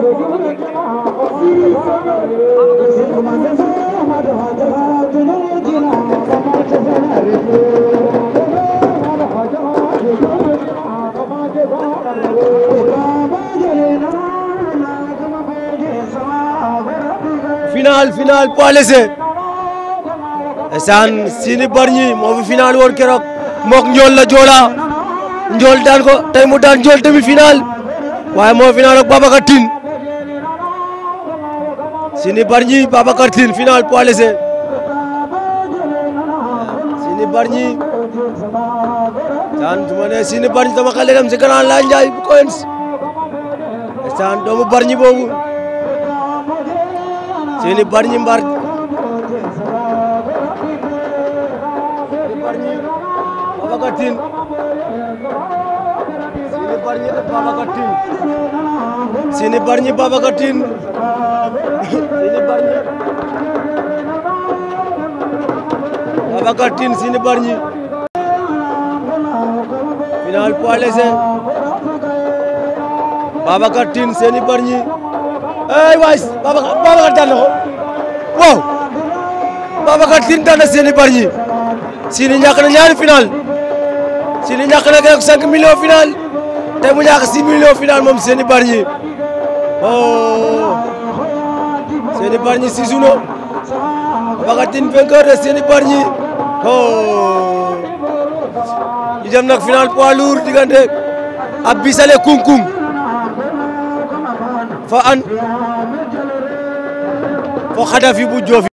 final final point laissé esaan Siny moo fi final woon keroog mook Njool la Joola Njool daan ko tey mu daan Njool demi final waaye moo final ak Babacar Tine Siny Bargny Babacar Tine final poids léger Siny Bargny daan su ma nee Siny Bargny sama xel dem si boobu Siny Bargny mbar Siny Bargny Babacar Tine Bakar Tine Siny Bargny final poids léger Babacar Tine Siny Bargny ey waay Babacar Babacar daan na ko waaw Babacar Tine daan na Siny Bargny Siny ñàkk na ñaari final Siny ñàkk na keroog 5 millions final tey mu ñàkk 6 millions final moom Siny Bargny oh Siny Bargny si suno Babacar Tine vainqueur de Siny oh ñu jëm nag final poids lourd diggante ab Bisale Kungkung fa an bu Joof